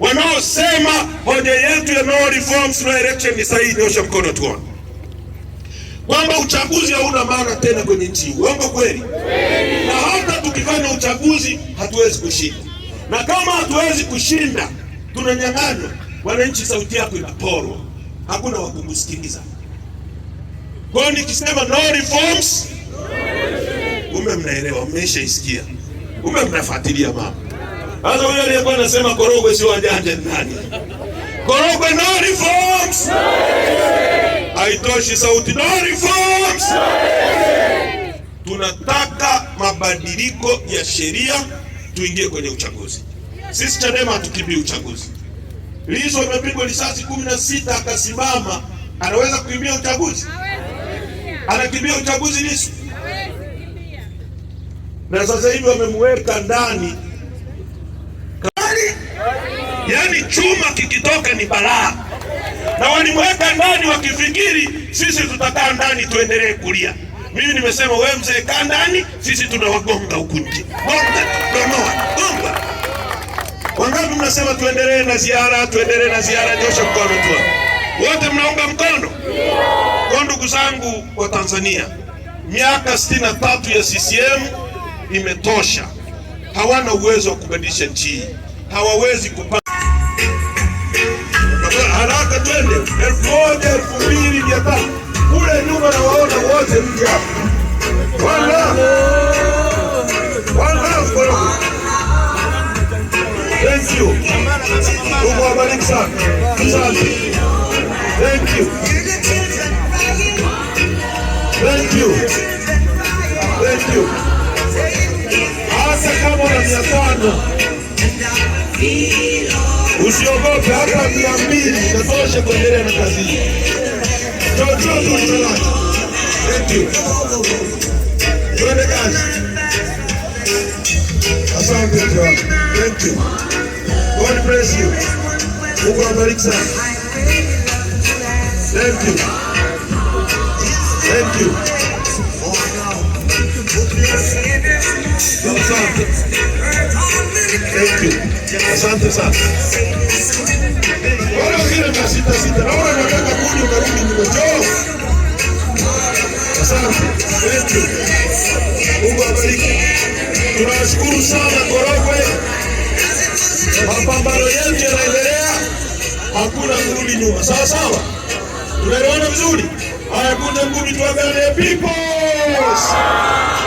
wanaosema hoja yetu ya no reforms no election ni sahihi, nyosha mkono tuone kwamba uchaguzi hauna maana tena kwenye nchi. Uongo kweli? Na hata tukifanya uchaguzi hatuwezi kushinda, na kama hatuwezi kushinda tunanyang'anywa wananchi, sauti yako inaporwa, hakuna wa kumsikiliza. Kwa hiyo nikisema no reforms, ume mnaelewa, mmeshaisikia, ume mnafuatilia mama Hasa yule aliyekuwa anasema Korogwe sio wajanja ni nani? Korogwe no reforms. Haitoshi sauti no reforms. Tunataka mabadiliko ya sheria tuingie kwenye uchaguzi. Sisi Chadema hatukimbii uchaguzi. Lissu amepigwa risasi kumi na sita akasimama, anaweza kukimbia uchaguzi? Anakimbia uchaguzi Lissu? Na sasa hivi wamemweka ndani Chuma kikitoka ni balaa, na walimweka ndani wakifikiri sisi tutakaa ndani tuendelee kulia. Mimi nimesema wewe mzee, kaa ndani, sisi tunawagonga huku nje. Gonga, donoa, gonga. Wangapi mnasema tuendelee na ziara, tuendelee na ziara? Nyosha mkono tu, wote mnaunga mkono kwa ndugu zangu wa Tanzania. Miaka sitini na tatu ya CCM imetosha. Hawana uwezo wa kubadilisha nchi, hawawezi kupa wote mja wala wala Thank you. Mungu awabariki sana. Asante. Thank you. Thank you. Thank you. Hata kama una mia tano usiogope, hata mia mbili inatosha kuendelea na kazi. Chochote ulichonacho you. God bless Thank you. God bless you. Thank you. Thank you. Thank you. Asante sana. Wala wengine masita sita. nataka kuja nimechoka. sana wetu. Mungu abariki. Tunashukuru sana Korogwe, mapambano yetu yanaendelea, hakuna kurudi nyuma. Sawa sawa, tunaelewana vizuri. Haya, kunde ngumi, tuagane people